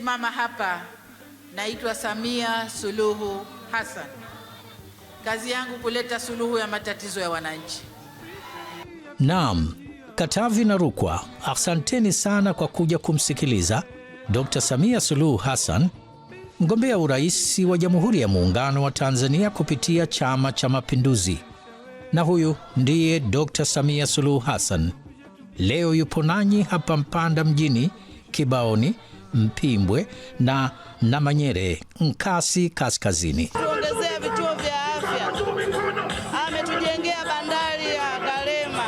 niliyesimama hapa naitwa Samia Suluhu Hassan. Kazi yangu kuleta suluhu ya matatizo ya wananchi. Naam, Katavi na Rukwa, asanteni sana kwa kuja kumsikiliza Dr. Samia Suluhu Hassan, mgombea urais wa Jamhuri ya Muungano wa Tanzania kupitia Chama cha Mapinduzi. Na huyu ndiye Dr. Samia Suluhu Hassan. Leo yupo nanyi hapa Mpanda mjini Kibaoni Mpimbwe na Namanyere, Nkasi Kaskazini. Tuongezea vituo vya afya, ametujengea bandari ya karema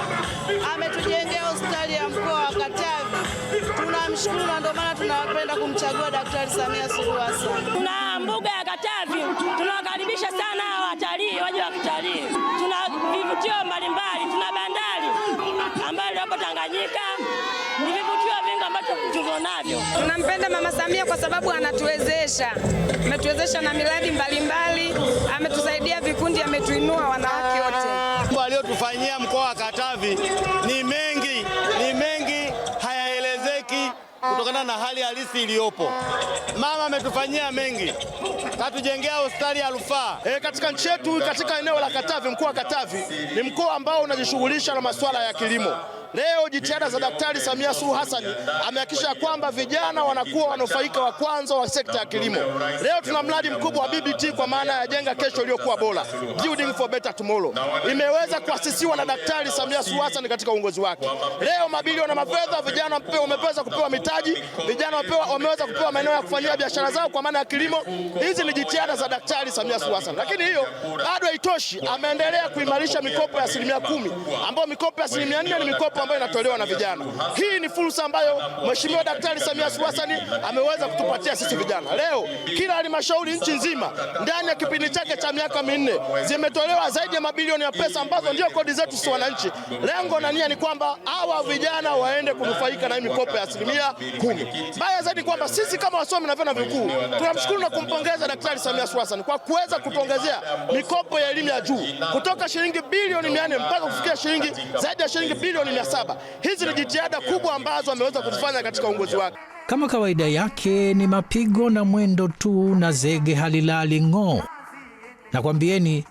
ametujengea hospitali ya mkoa wa Katavi. Tunamshukuru na ndio maana tunapenda kumchagua Daktari Samia Suluhu Hassan. Tuna mbuga ya Katavi, tunawakaribisha sana watalii waje kutalii Tuna vivutio mbalimbali, tuna bandari ambayo iliyopo Tanganyika, ni vivutio ambacho tulivyo navyo. Tunampenda Mama Samia kwa sababu anatuwezesha, ametuwezesha na miradi mbalimbali, ametusaidia vikundi, ametuinua wanawake wote. Mambo aliyotufanyia mkoa wa Katavi ni mengi, ni mengi hayaelezeki kutokana na hali halisi iliyopo. Mama ametufanyia mengi, katujengea hospitali ya rufaa e, katika nchi yetu. Katika eneo la Katavi, mkoa wa Katavi ni mkoa ambao unajishughulisha na masuala ya kilimo. Leo jitihada za Daktari Samia Suluhu Hassan amehakikisha kwamba vijana wanakuwa wanufaika wa kwanza wa sekta ya kilimo. Leo tuna mradi mkubwa wa BBT kwa maana ya jenga kesho iliyokuwa bora, building for better tomorrow, imeweza kuasisiwa na Daktari Samia Suluhu Hassan katika uongozi wake. Leo mabilioni mafedha vijana wameweza kupewa mitaji, vijana wameweza kupewa maeneo ya kufanyia biashara zao kwa maana ya kilimo. Hizi ni jitihada za Daktari Samia Suluhu Hassan, lakini hiyo bado haitoshi. Ameendelea kuimarisha mikopo ya asilimia kumi ambayo mikopo ya asilimia nne ni mikopo mikopo ambayo inatolewa na vijana. Hii ni fursa ambayo Mheshimiwa Daktari Samia Suluhu Hassan ameweza kutupatia sisi vijana. Leo kila halmashauri nchi nzima ndani ya kipindi chake cha miaka minne zimetolewa zaidi ya mabilioni ya pesa ambazo ndio kodi zetu sisi wananchi. Lengo na nia ni kwamba hawa vijana waende kunufaika na mikopo ya asilimia kumi. Baya zaidi kwamba sisi kama wasomi na vyuo vikuu tunamshukuru na kumpongeza Daktari Samia Suluhu Hassan kwa kuweza kutuongezea mikopo ya elimu ya juu kutoka shilingi bilioni 400 mpaka kufikia shilingi zaidi ya shilingi bilioni saba. Hizi ni jitihada kubwa ambazo ameweza kuzifanya katika uongozi wake. Kama kawaida yake ni mapigo na mwendo tu, na zege halilali ng'oo. Nakwambieni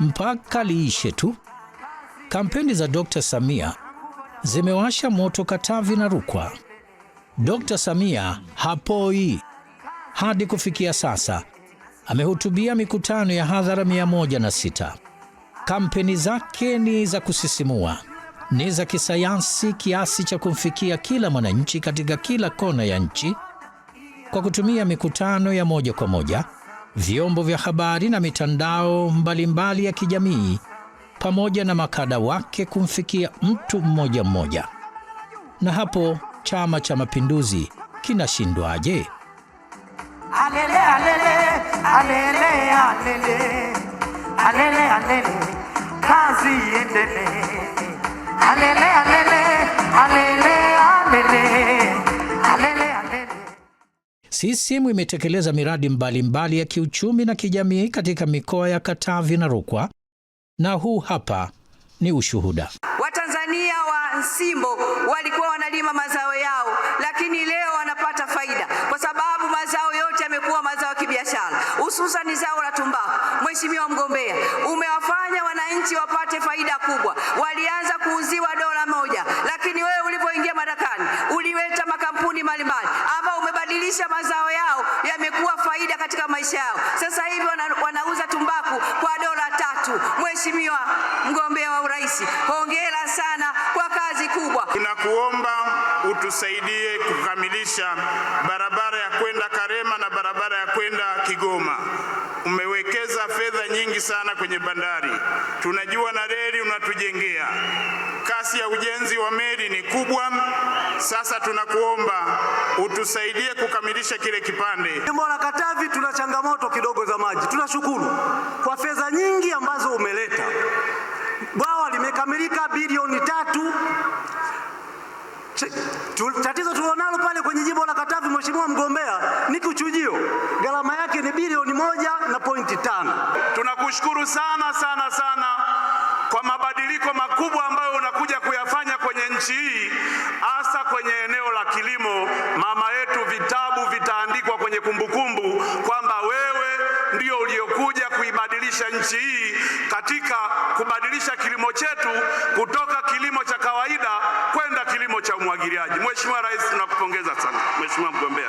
mpaka liishe tu. Kampeni za Dr. Samia zimewasha moto Katavi na Rukwa. Dr. Samia hapoi. Hadi kufikia sasa amehutubia mikutano ya hadhara 106. Kampeni zake ni za kusisimua ni za kisayansi kiasi cha kumfikia kila mwananchi katika kila kona ya nchi kwa kutumia mikutano ya moja kwa moja, vyombo vya habari na mitandao mbalimbali mbali ya kijamii, pamoja na makada wake kumfikia mtu mmoja mmoja. Na hapo Chama cha Mapinduzi kinashindwaje? Alele, alele, alele, alele, alele, alele, kazi iendelee. CCM imetekeleza miradi mbalimbali mbali ya kiuchumi na kijamii katika mikoa ya Katavi na Rukwa, na huu hapa ni ushuhuda. Watanzania wa Nsimbo walikuwa wanalima mazao yao, lakini leo wanapata faida kwa sababu mazao yote yamekuwa mazao ya kibiashara, ni zao la tumbaku. Mheshimiwa mgombea, umewafanya wananchi wapate faida kubwa. Walianza kuuziwa dola moja, lakini wewe ulipoingia madarakani uliweta makampuni mbalimbali ambao umebadilisha mazao yao yamekuwa faida katika maisha yao. Sasa hivi wanauza tumbaku kwa dola tatu. Mheshimiwa mgombea wa urais, hongera sana kwa kazi kubwa. Tunakuomba utusaidie kukamilisha barabara ya kwenda Kare vizuri sana kwenye bandari. Tunajua na reli unatujengea. Kasi ya ujenzi wa meli ni kubwa. Sasa tunakuomba utusaidie kukamilisha kile kipande. Jimbo la Katavi tuna changamoto kidogo za maji. Tunashukuru kwa fedha nyingi ambazo umeleta. Bwawa limekamilika bilioni tatu. Tatizo tulionalo pale kwenye jimbo la Katavi, mheshimiwa mgombea, ni kuchujio. Gharama yake ni bilioni moja na pointi tano. Nikushukuru sana sana sana kwa mabadiliko makubwa ambayo unakuja kuyafanya kwenye nchi hii, hasa kwenye eneo la kilimo. Mama yetu, vitabu vitaandikwa kwenye kumbukumbu kwamba wewe ndio uliokuja kuibadilisha nchi hii katika kubadilisha kilimo chetu kutoka kilimo cha kawaida kwenda kilimo cha umwagiliaji. Mheshimiwa Rais, tunakupongeza sana Mheshimiwa mgombea.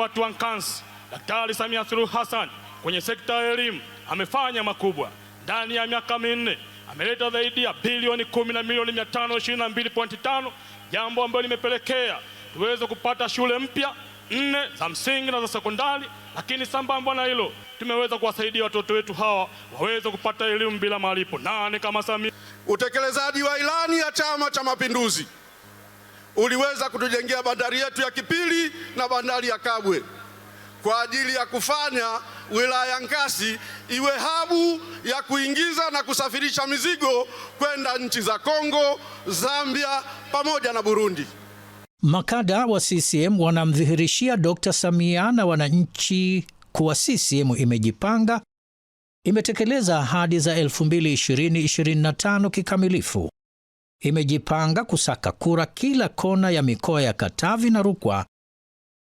watu wa Nkasi, Daktari Samia Suluhu Hassan kwenye sekta ya elimu amefanya makubwa. Ndani ya miaka minne ameleta zaidi ya bilioni kumi na milioni mia tano ishirini na mbili pointi tano jambo ambalo limepelekea tuweze kupata shule mpya nne za msingi na za sekondari. Lakini sambamba na hilo, tumeweza kuwasaidia watoto wetu hawa waweze kupata elimu bila malipo. Nani kama Samia? Utekelezaji wa ilani ya Chama cha Mapinduzi uliweza kutujengea bandari yetu ya Kipili na bandari ya Kabwe kwa ajili ya kufanya wilaya Nkasi iwe habu ya kuingiza na kusafirisha mizigo kwenda nchi za Kongo, Zambia pamoja na Burundi. Makada wa CCM wanamdhihirishia Dr. Samia na wananchi kuwa CCM imejipanga, imetekeleza ahadi za 2020-2025 kikamilifu imejipanga kusaka kura kila kona ya mikoa ya Katavi na Rukwa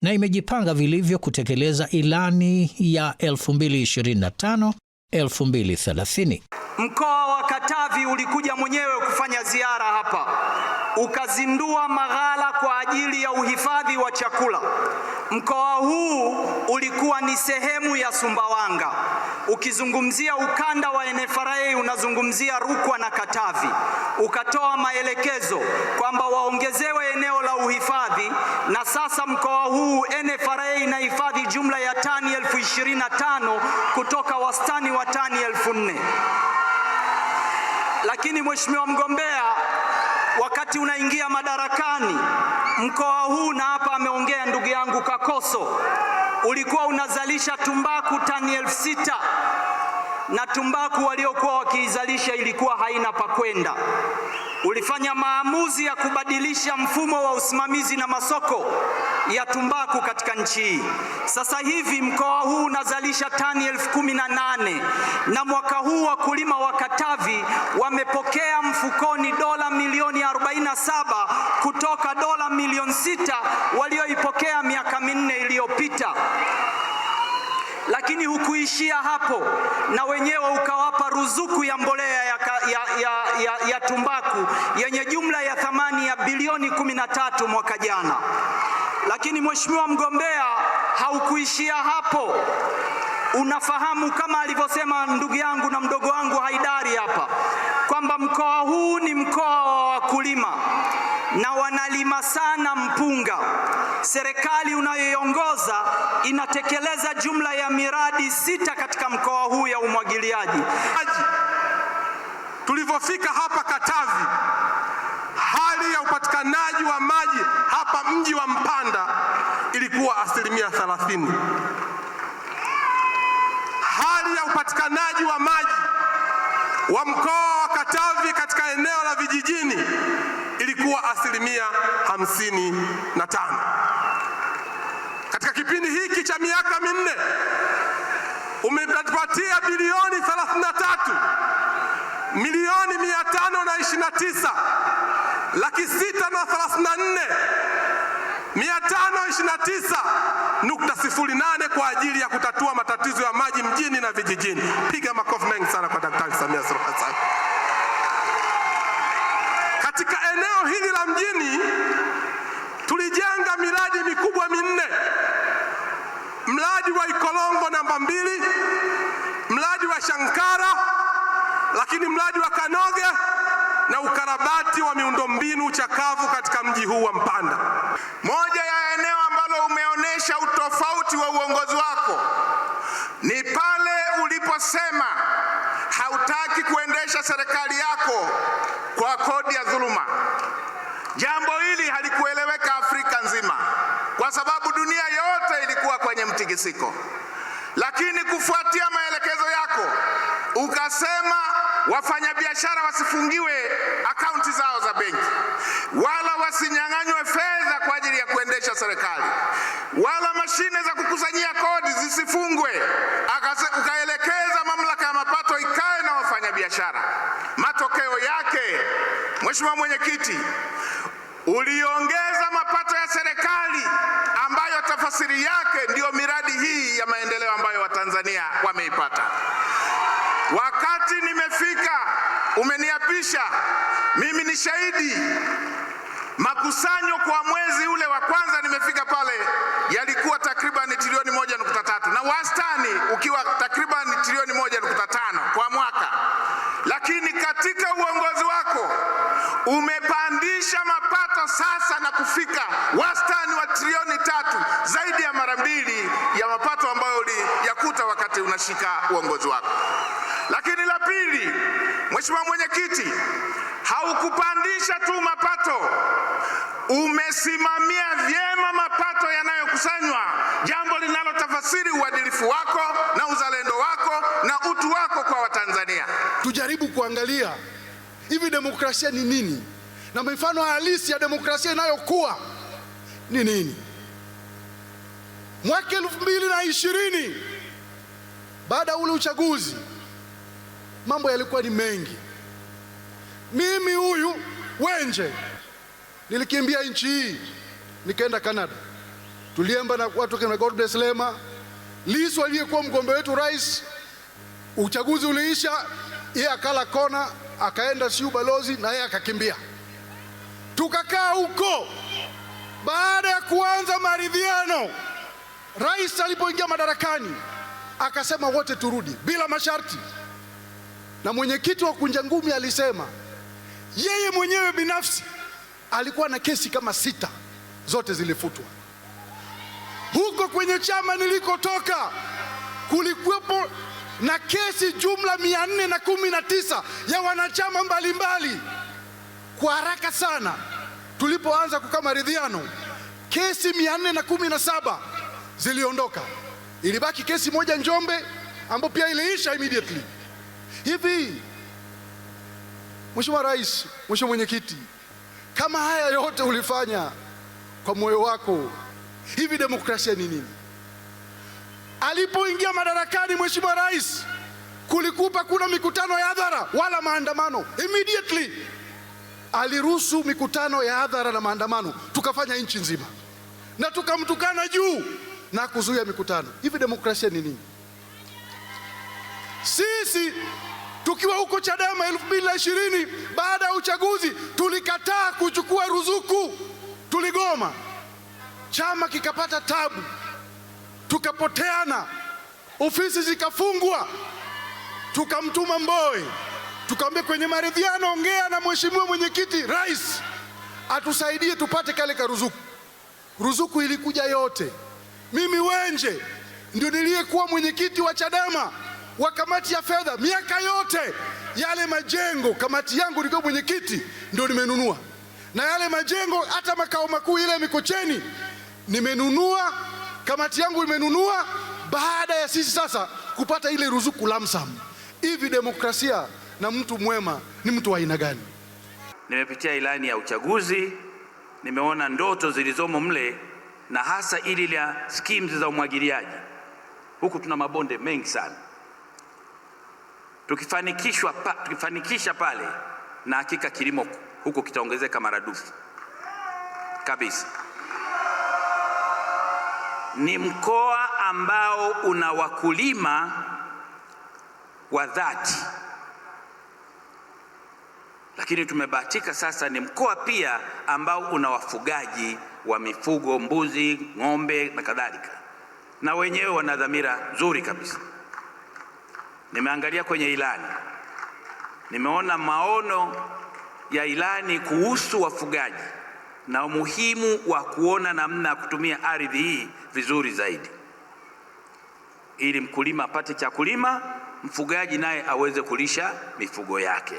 na imejipanga vilivyo kutekeleza ilani ya 2025 2030. Mkoa wa Katavi ulikuja mwenyewe kufanya ziara hapa, ukazindua maghala kwa ajili ya uhifadhi wa chakula. Mkoa huu ulikuwa ni sehemu ya Sumbawanga. Ukizungumzia ukanda wa NFRA unazungumzia Rukwa na Katavi, ukatoa maelekezo kwamba waongezewe eneo la uhifadhi, na sasa mkoa huu NFRA inahifadhi jumla ya tani elfu ishirini na tano kutoka wastani wa tani elfu nne lakini mheshimiwa mgombea, wakati unaingia madarakani mkoa huu, na hapa ameongea ndugu yangu Kakoso ulikuwa unazalisha tumbaku tani elfu sita na tumbaku waliokuwa wakiizalisha ilikuwa haina pakwenda. Ulifanya maamuzi ya kubadilisha mfumo wa usimamizi na masoko ya tumbaku katika nchi hii. Sasa hivi mkoa huu unazalisha tani elfu kumi na nane na mwaka huu wakulima wa Katavi wamepokea mfukoni dola milioni 47 kutoka dola milioni 6 walio kuishia hapo, na wenyewe ukawapa ruzuku ya mbolea ya, ya, ya, ya, ya tumbaku yenye jumla ya thamani ya bilioni 13 mwaka jana. Lakini mheshimiwa mgombea, haukuishia hapo. Unafahamu kama alivyosema ndugu yangu na mdogo wangu Haidari hapa kwamba mkoa huu ni mkoa wa wakulima na wanalima sana mpunga. Serikali unayoiongoza inatekeleza jumla ya miradi sita katika mkoa huu ya umwagiliaji. Tulivyofika hapa Katavi, hali ya upatikanaji wa maji hapa mji wa Mpanda ilikuwa asilimia 30. Hali ya upatikanaji wa maji wa mkoa wa Katavi katika eneo la vijijini ilikuwa asilimia hamsini na tano. Katika kipindi hiki cha miaka minne umetupatia bilioni 33 milioni 529 laki sita na 34 529.08 kwa ajili ya kutatua matatizo ya maji mjini na vijijini. Piga makofi mengi sana kwa Daktari Samia Suluhu Hassan. hili la mjini tulijenga miradi mikubwa minne: mradi wa Ikolongo namba mbili, mradi wa Shankara, lakini mradi wa Kanoge na ukarabati wa miundombinu chakavu katika mji huu wa Mpanda. Moja ya eneo ambalo umeonyesha utofauti wa uongozi siko lakini kufuatia maelekezo yako ukasema wafanyabiashara wasifungiwe akaunti zao za benki, wala wasinyang'anywe fedha kwa ajili ya kuendesha serikali, wala mashine za kukusanyia kodi zisifungwe. Ukaelekeza mamlaka ya mapato ikae na wafanyabiashara. Matokeo yake, Mheshimiwa Mwenyekiti, uliongeza mapato ya serikali tafsiri yake ndiyo miradi hii ya maendeleo ambayo Watanzania wameipata. Wakati nimefika, umeniapisha, mimi ni shahidi. Makusanyo kwa mwezi ule wa kwanza nimefika pale yalikuwa takribani trilioni moja nukta tatu na wastani ukiwa takriban trilioni moja nukta tano kwa mwaka, lakini katika uongozi wako umepandisha mapato sasa na kufika unashika uongozi wako. Lakini la pili, Mheshimiwa Mwenyekiti, haukupandisha tu mapato, umesimamia vyema mapato yanayokusanywa, jambo linalotafasiri uadilifu wako na uzalendo wako na utu wako kwa Watanzania. Tujaribu kuangalia hivi demokrasia ni nini na mifano halisi ya demokrasia inayokuwa ni nini. Mwaka elfu mbili na ishirini baada ya ule uchaguzi mambo yalikuwa ni mengi. Mimi huyu Wenje nilikimbia nchi hii nikaenda Canada, tuliemba na watu kama bless Lema, Lissu aliyekuwa mgombea wetu rais. Uchaguzi uliisha, yeye akala kona, akaenda siu balozi na yeye akakimbia, tukakaa huko. Baada ya kuanza maridhiano, rais alipoingia madarakani akasema wote turudi bila masharti, na mwenyekiti wa kunja ngumi alisema yeye mwenyewe binafsi alikuwa na kesi kama sita, zote zilifutwa. Huko kwenye chama nilikotoka kulikuwepo na kesi jumla mia nne na kumi na tisa ya wanachama mbalimbali mbali. Kwa haraka sana tulipoanza kukaa maridhiano, kesi mia nne na kumi na saba ziliondoka. Ilibaki kesi moja Njombe, ambayo pia iliisha immediately. Hivi Mheshimiwa Rais, Mheshimiwa Mwenyekiti, kama haya yote ulifanya kwa moyo wako, hivi demokrasia ni nini? Alipoingia madarakani Mheshimiwa Rais, kulikupa kuna mikutano ya hadhara wala maandamano. Immediately aliruhusu mikutano ya hadhara na maandamano, tukafanya nchi nzima na tukamtukana juu na kuzuia mikutano. Hivi demokrasia ni nini? Sisi tukiwa huko Chadema elfu mbili na ishirini baada ya uchaguzi tulikataa kuchukua ruzuku, tuligoma, chama kikapata tabu, tukapoteana, ofisi zikafungwa, tukamtuma mboe tukamwambia kwenye maridhiano, ongea na mheshimiwa mwenyekiti rais atusaidie tupate kale ka ruzuku. Ruzuku ilikuja yote. Mimi Wenje ndio niliyekuwa mwenyekiti wa Chadema wa kamati ya fedha miaka yote. Yale majengo kamati yangu nilikuwa mwenyekiti, ndio nimenunua na yale majengo, hata makao makuu ile Mikocheni nimenunua, kamati yangu imenunua, baada ya sisi sasa kupata ile ruzuku lamsam. Hivi demokrasia na mtu mwema ni mtu wa aina gani? Nimepitia ilani ya uchaguzi, nimeona ndoto zilizomo mle na hasa ili la schemes za umwagiliaji. Huku tuna mabonde mengi sana, tukifanikishwa pa, tukifanikisha pale, na hakika kilimo huko kitaongezeka maradufu kabisa. Ni mkoa ambao una wakulima wa dhati, lakini tumebahatika sasa, ni mkoa pia ambao una wafugaji wa mifugo mbuzi, ng'ombe na kadhalika, na wenyewe wana dhamira nzuri kabisa. Nimeangalia kwenye ilani, nimeona maono ya ilani kuhusu wafugaji na umuhimu wa kuona namna ya kutumia ardhi hii vizuri zaidi, ili mkulima apate cha kulima, mfugaji naye aweze kulisha mifugo yake.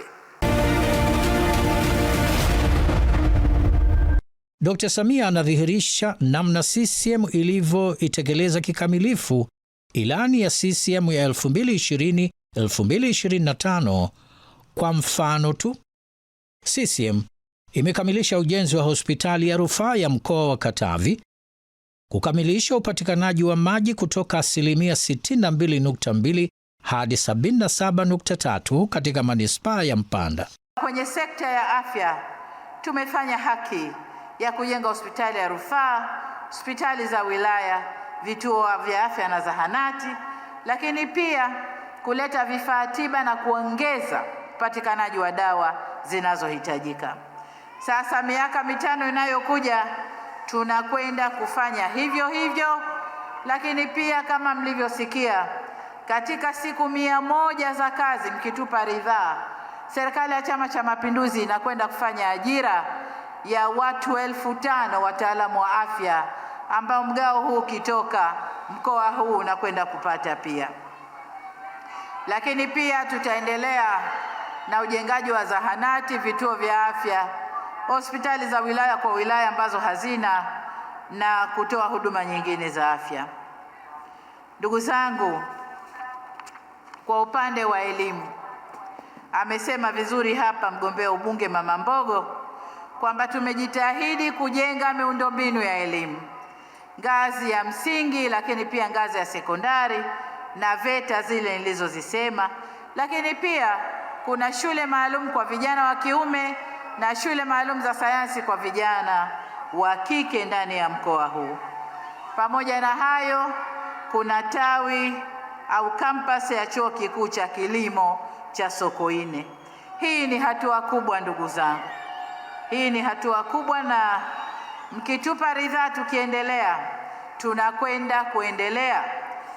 Dkt. Samia anadhihirisha namna CCM ilivyoitekeleza kikamilifu ilani ya CCM ya 2020 2025. Kwa mfano tu, CCM imekamilisha ujenzi wa hospitali ya rufaa ya mkoa wa Katavi, kukamilisha upatikanaji wa maji kutoka asilimia 62.2 hadi 77.3 katika manispaa ya Mpanda. Kwenye sekta ya afya tumefanya haki ya kujenga hospitali ya rufaa, hospitali za wilaya, vituo vya afya na zahanati, lakini pia kuleta vifaa tiba na kuongeza upatikanaji wa dawa zinazohitajika. Sasa miaka mitano inayokuja tunakwenda kufanya hivyo hivyo, lakini pia kama mlivyosikia katika siku mia moja za kazi, mkitupa ridhaa, serikali ya Chama cha Mapinduzi inakwenda kufanya ajira ya watu elfu tano wataalamu wa afya ambao mgao huu ukitoka mkoa huu unakwenda kupata pia. Lakini pia tutaendelea na ujengaji wa zahanati, vituo vya afya, hospitali za wilaya kwa wilaya ambazo hazina na kutoa huduma nyingine za afya. Ndugu zangu, kwa upande wa elimu amesema vizuri hapa mgombea ubunge Mama Mbogo kwamba tumejitahidi kujenga miundombinu ya elimu ngazi ya msingi, lakini pia ngazi ya sekondari na VETA zile nilizozisema, lakini pia kuna shule maalum kwa vijana wa kiume na shule maalum za sayansi kwa vijana wa kike ndani ya mkoa huu. Pamoja na hayo, kuna tawi au kampasi ya chuo kikuu cha kilimo cha Sokoine. Hii ni hatua kubwa, ndugu zangu. Hii ni hatua kubwa, na mkitupa ridhaa, tukiendelea tunakwenda kuendelea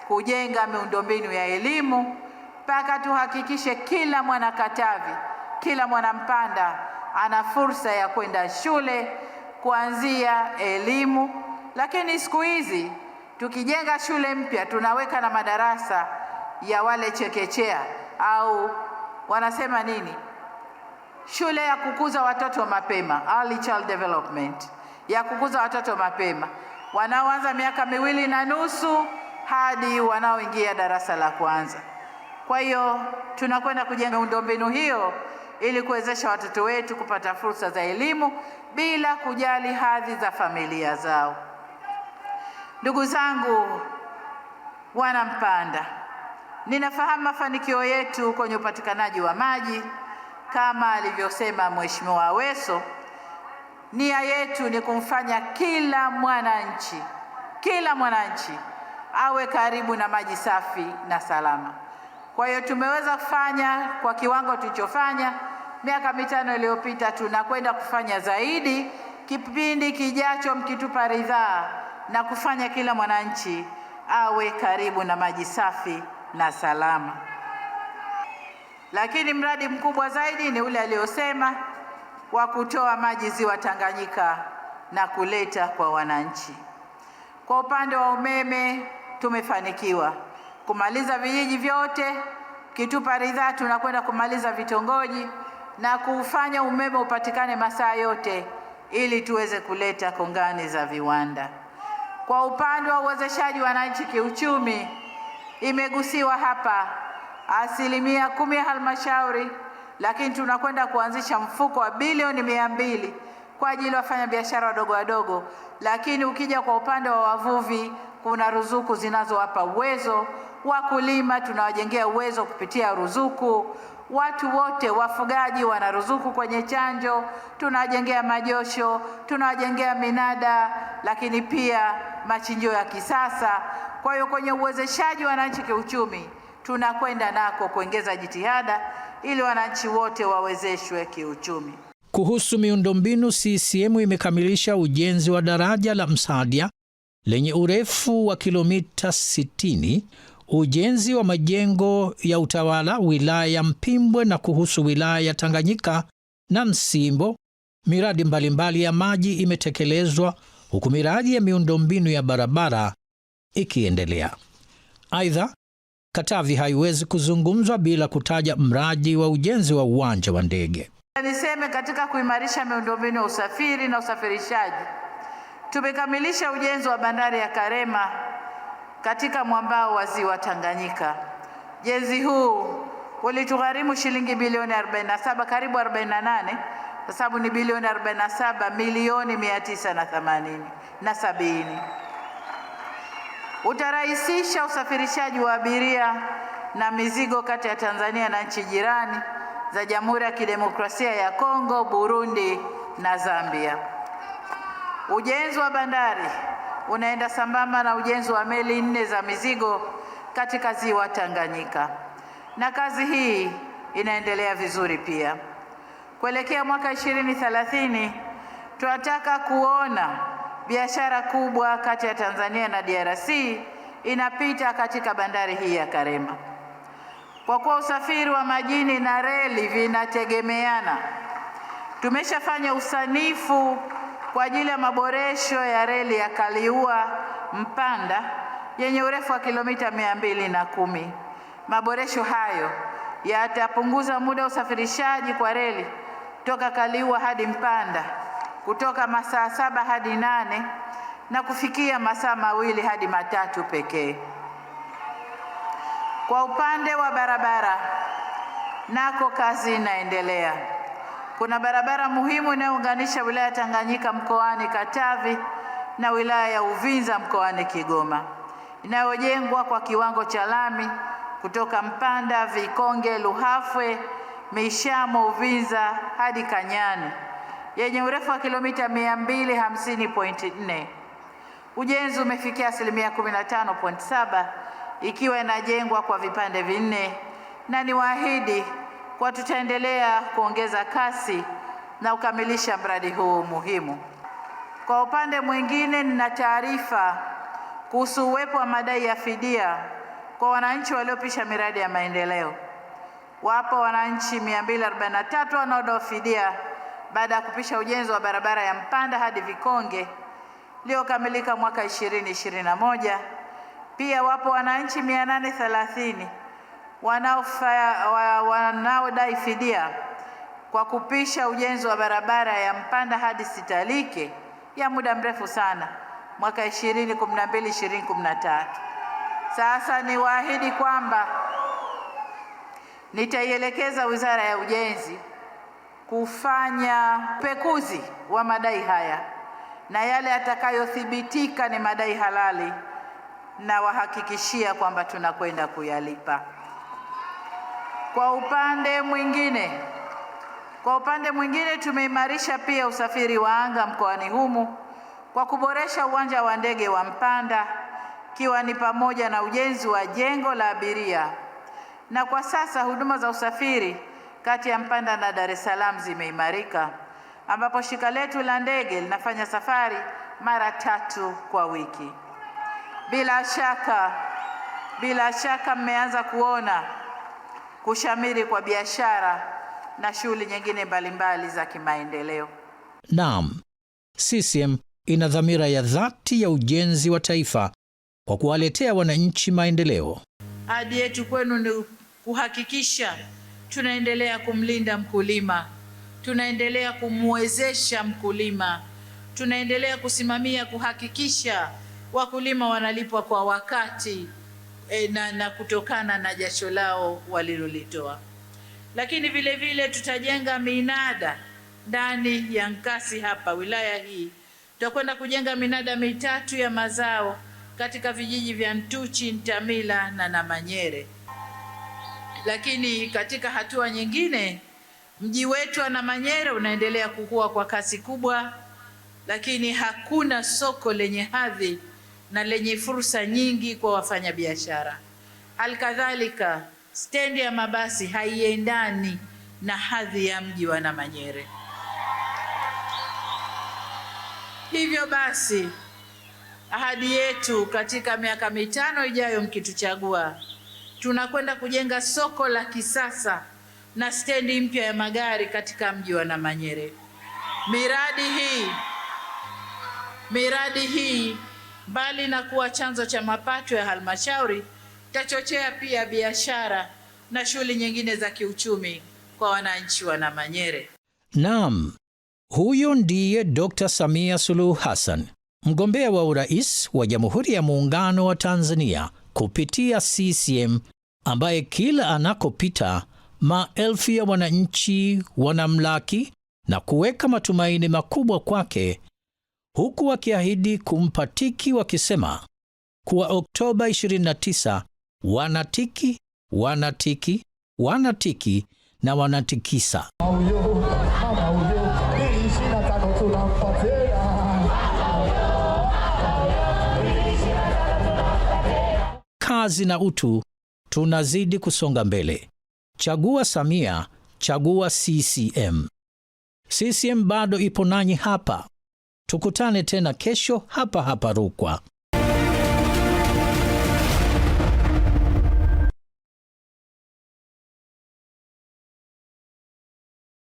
kujenga miundombinu ya elimu mpaka tuhakikishe kila mwana Katavi, kila mwana Mpanda ana fursa ya kwenda shule kuanzia elimu. Lakini siku hizi tukijenga shule mpya tunaweka na madarasa ya wale chekechea au wanasema nini shule ya kukuza watoto mapema, early child development, ya kukuza watoto mapema wanaoanza miaka miwili na nusu hadi wanaoingia darasa la kwanza. Kwa hiyo tunakwenda kujenga miundombinu hiyo ili kuwezesha watoto wetu kupata fursa za elimu bila kujali hadhi za familia zao. Ndugu zangu wana Mpanda, ninafahamu mafanikio yetu kwenye upatikanaji wa maji kama alivyosema Mheshimiwa Aweso, nia yetu ni kumfanya kila mwananchi, kila mwananchi awe karibu na maji safi na salama. Kwa hiyo tumeweza kufanya kwa kiwango tulichofanya miaka mitano iliyopita, tunakwenda kufanya zaidi kipindi kijacho, mkitupa ridhaa na kufanya kila mwananchi awe karibu na maji safi na salama. Lakini mradi mkubwa zaidi ni ule aliosema wa kutoa maji ziwa Tanganyika na kuleta kwa wananchi. Kwa upande wa umeme tumefanikiwa kumaliza vijiji vyote, kitupa ridhaa tunakwenda kumaliza vitongoji na kuufanya umeme upatikane masaa yote ili tuweze kuleta kongani za viwanda. Kwa upande wa uwezeshaji wananchi kiuchumi, imegusiwa hapa asilimia kumi ya halmashauri, lakini tunakwenda kuanzisha mfuko wa bilioni mia mbili kwa ajili ya wafanyabiashara wadogo wadogo. Lakini ukija kwa upande wa wavuvi, kuna ruzuku zinazowapa uwezo, wakulima tunawajengea uwezo kupitia ruzuku, watu wote wafugaji wana ruzuku kwenye chanjo, tunawajengea majosho, tunawajengea minada, lakini pia machinjio ya kisasa. Kwa hiyo kwenye uwezeshaji wananchi kiuchumi tunakwenda nako kuongeza jitihada ili wananchi wote wawezeshwe kiuchumi. Kuhusu miundombinu, CCM imekamilisha ujenzi wa daraja la Msadia lenye urefu wa kilomita 60, ujenzi wa majengo ya utawala wilaya ya Mpimbwe na kuhusu wilaya ya Tanganyika na Msimbo. Miradi mbalimbali ya maji imetekelezwa huku miradi ya miundombinu ya barabara ikiendelea. Aidha, Katavi haiwezi kuzungumzwa bila kutaja mradi wa ujenzi wa uwanja wa ndege. Niseme katika kuimarisha miundombinu ya usafiri na usafirishaji, tumekamilisha ujenzi wa bandari ya Karema katika mwambao wa ziwa Tanganyika. Ujenzi huu ulitugharimu shilingi bilioni 47 karibu 48 kwa sababu ni bilioni 47 milioni 980 na sabini utarahisisha usafirishaji wa abiria na mizigo kati ya Tanzania na nchi jirani za Jamhuri ya Kidemokrasia ya Kongo, Burundi na Zambia. Ujenzi wa bandari unaenda sambamba na ujenzi wa meli nne za mizigo katika ziwa Tanganyika, na kazi hii inaendelea vizuri pia. Kuelekea mwaka 2030 tunataka kuona biashara kubwa kati ya Tanzania na DRC inapita katika bandari hii ya Karema. Kwa kuwa usafiri wa majini na reli vinategemeana, tumeshafanya usanifu kwa ajili ya maboresho ya reli ya Kaliua Mpanda yenye urefu wa kilomita mia mbili na kumi. Maboresho hayo yatapunguza muda wa usafirishaji kwa reli toka Kaliua hadi Mpanda kutoka masaa saba hadi nane na kufikia masaa mawili hadi matatu pekee. Kwa upande wa barabara nako kazi inaendelea. Kuna barabara muhimu inayounganisha wilaya ya Tanganyika mkoani Katavi na wilaya ya Uvinza mkoani Kigoma inayojengwa kwa kiwango cha lami kutoka Mpanda, Vikonge, Luhafwe, Mishamo, Uvinza hadi Kanyani yenye urefu wa kilomita 250.4. Ujenzi umefikia asilimia 15.7 ikiwa inajengwa kwa vipande vinne, na niwaahidi kwa tutaendelea kuongeza kasi na kukamilisha mradi huu muhimu. Kwa upande mwingine, nina taarifa kuhusu uwepo wa madai ya fidia kwa wananchi waliopisha miradi ya maendeleo. Wapo wananchi 243 wanaodai fidia baada ya kupisha ujenzi wa barabara ya Mpanda hadi Vikonge iliyokamilika mwaka 2021. Pia wapo wananchi 830 wanaodai fidia kwa kupisha ujenzi wa barabara ya Mpanda hadi Sitalike ya muda mrefu sana mwaka 2012 2013. Sasa niwaahidi kwamba nitaielekeza Wizara ya Ujenzi kufanya upekuzi wa madai haya na yale yatakayothibitika ni madai halali, na wahakikishia kwamba tunakwenda kuyalipa. Kwa upande mwingine, kwa upande mwingine tumeimarisha pia usafiri wa anga mkoani humu kwa kuboresha uwanja wa ndege wa Mpanda ikiwa ni pamoja na ujenzi wa jengo la abiria, na kwa sasa huduma za usafiri kati ya Mpanda na Dar es Salaam zimeimarika, ambapo shirika letu la ndege linafanya safari mara tatu kwa wiki. Bila shaka, bila shaka mmeanza kuona kushamiri kwa biashara na shughuli nyingine mbalimbali za kimaendeleo. Naam, CCM ina dhamira ya dhati ya ujenzi wa taifa kwa kuwaletea wananchi maendeleo. Ahadi yetu kwenu ni kuhakikisha tunaendelea kumlinda mkulima, tunaendelea kumwezesha mkulima, tunaendelea kusimamia kuhakikisha wakulima wanalipwa kwa wakati e, na, na kutokana na jasho lao walilolitoa. Lakini vile vile tutajenga minada ndani ya Nkasi hapa wilaya hii, tutakwenda kujenga minada mitatu ya mazao katika vijiji vya Ntuchi, Ntamila na Namanyere. Lakini katika hatua nyingine, mji wetu Anamanyere unaendelea kukua kwa kasi kubwa, lakini hakuna soko lenye hadhi na lenye fursa nyingi kwa wafanyabiashara. Halikadhalika, stendi ya mabasi haiendani na hadhi ya mji wa Anamanyere. Hivyo basi, ahadi yetu katika miaka mitano ijayo mkituchagua tunakwenda kujenga soko la kisasa na stendi mpya ya magari katika mji wa Namanyere. Miradi hii miradi hii mbali na kuwa chanzo cha mapato ya halmashauri, tachochea pia biashara na shughuli nyingine za kiuchumi kwa wananchi wa Namanyere. Naam, huyo ndiye Dr. Samia Suluhu Hassan, mgombea wa urais wa Jamhuri ya Muungano wa Tanzania kupitia CCM ambaye kila anakopita maelfu ya wananchi wanamlaki na kuweka matumaini makubwa kwake, huku wakiahidi kumpa tiki wakisema kuwa Oktoba 29 wanatiki, wanatiki, wanatiki na wanatikisa. kazi na utu, tunazidi kusonga mbele. Chagua Samia, chagua CCM. CCM bado ipo nanyi hapa. Tukutane tena kesho hapa hapa Rukwa.